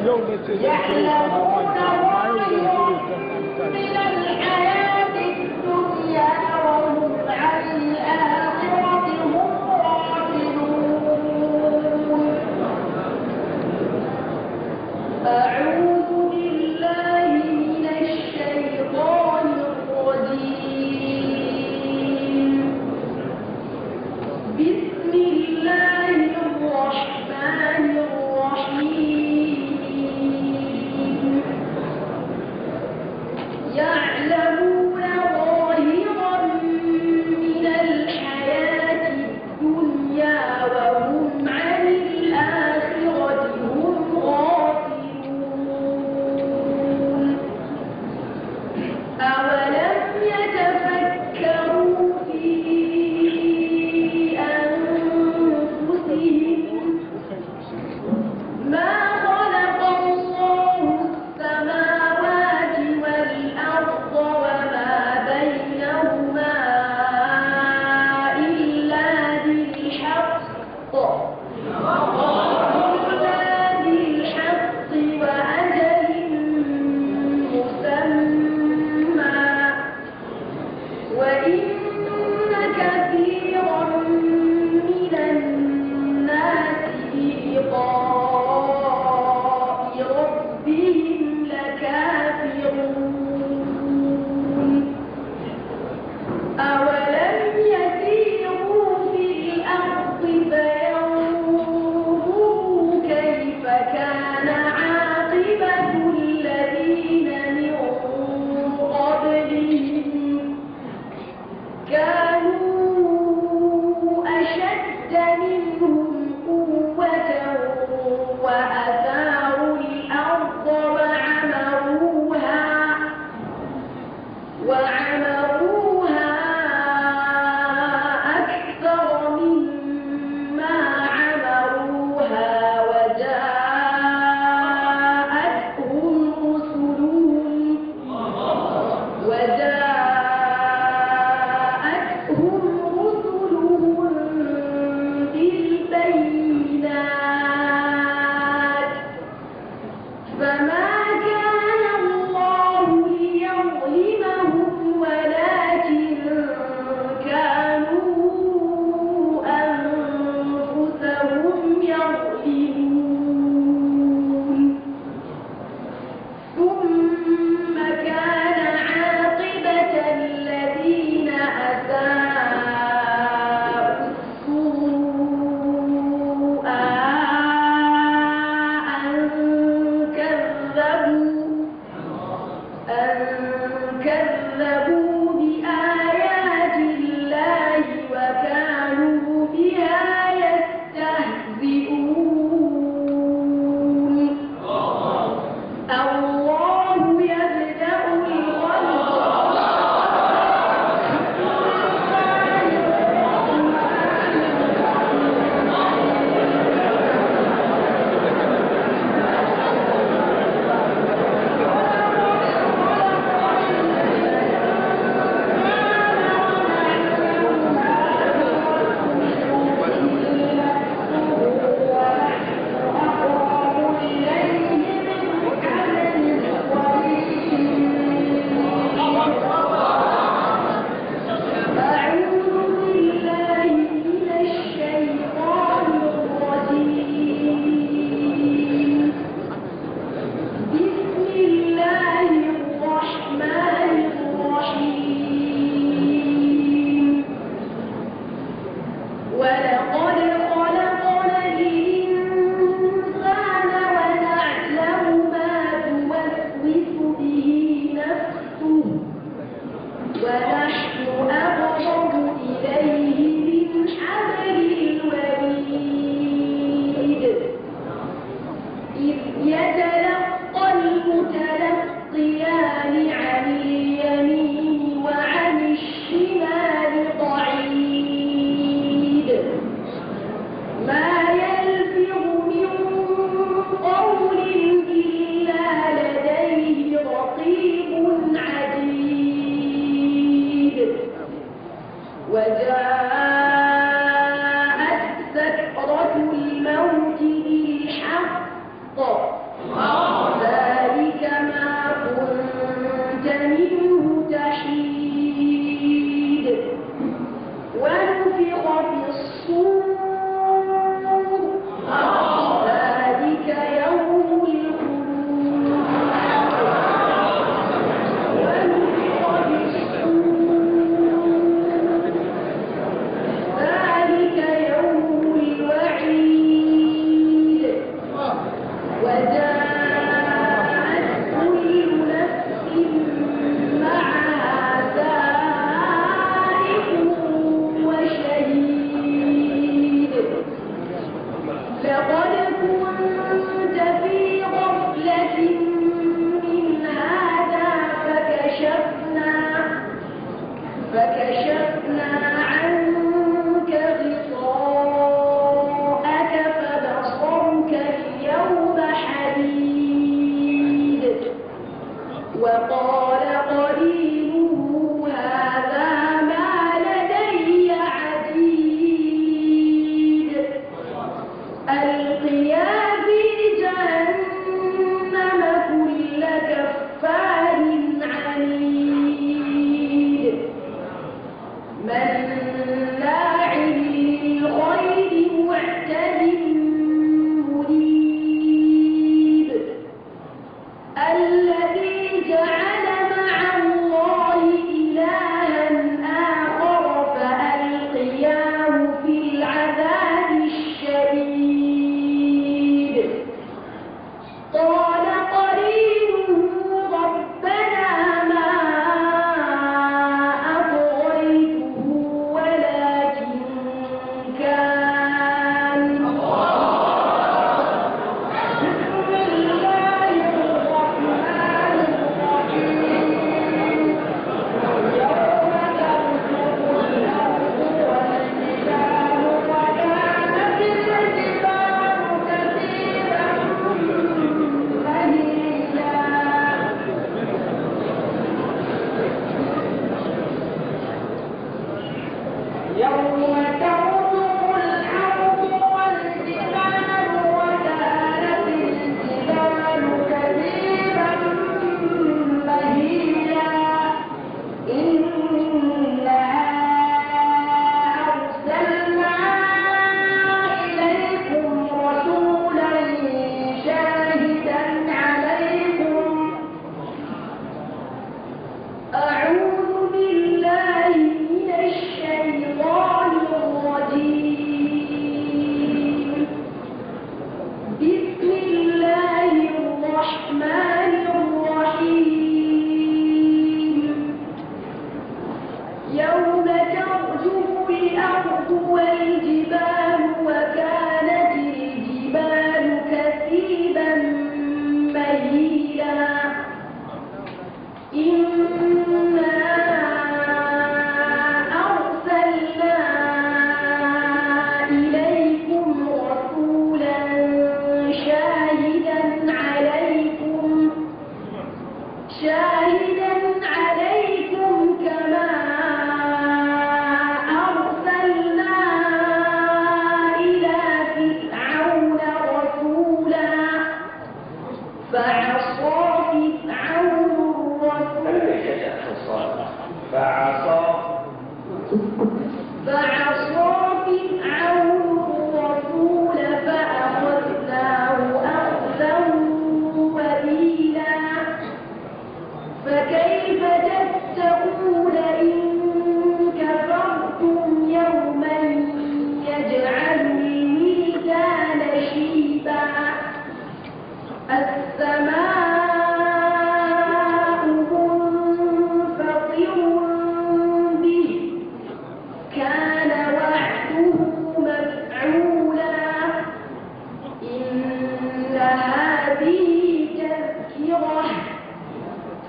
اليوم يعلمون من الحياة الدنيا وهم الآخرة هم راجلون Good.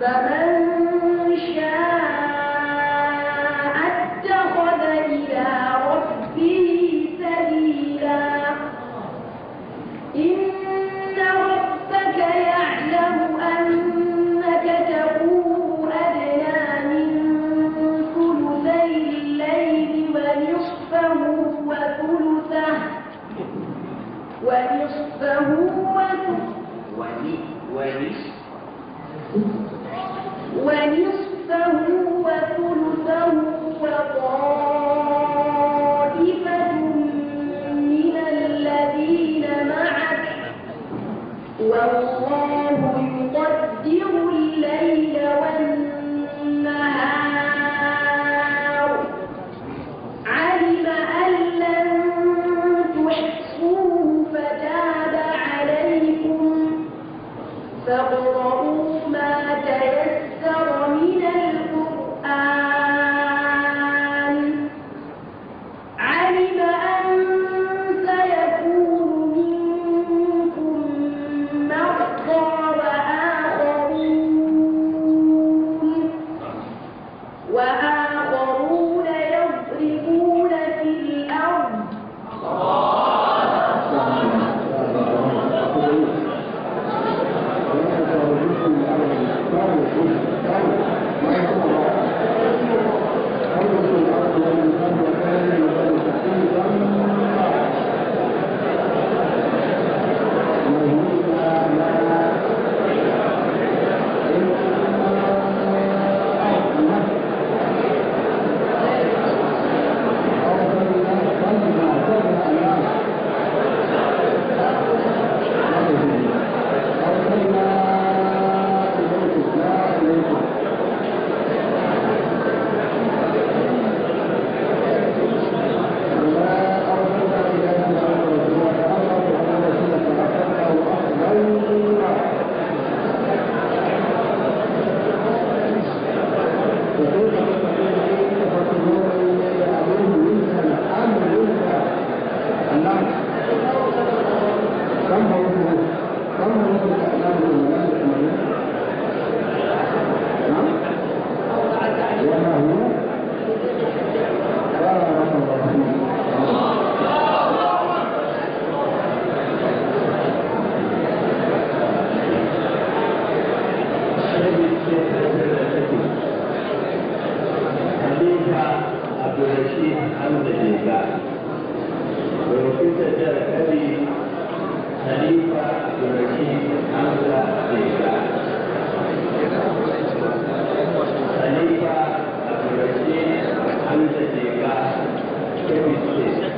فمن شاء اتخذ إلى ربه سبيلا إن ربك يعلم أنك تقوم أدنى من ثلثي الليل ونصفه وثلثه ونصفه وثلثه ونصفه وثلثه وطائفة من الذين معك والله الحمد لله ونفيت ذلك لي خليفة عبد الرشيد حمزة لله خليفة عبد الرشيد حمزة لله كيف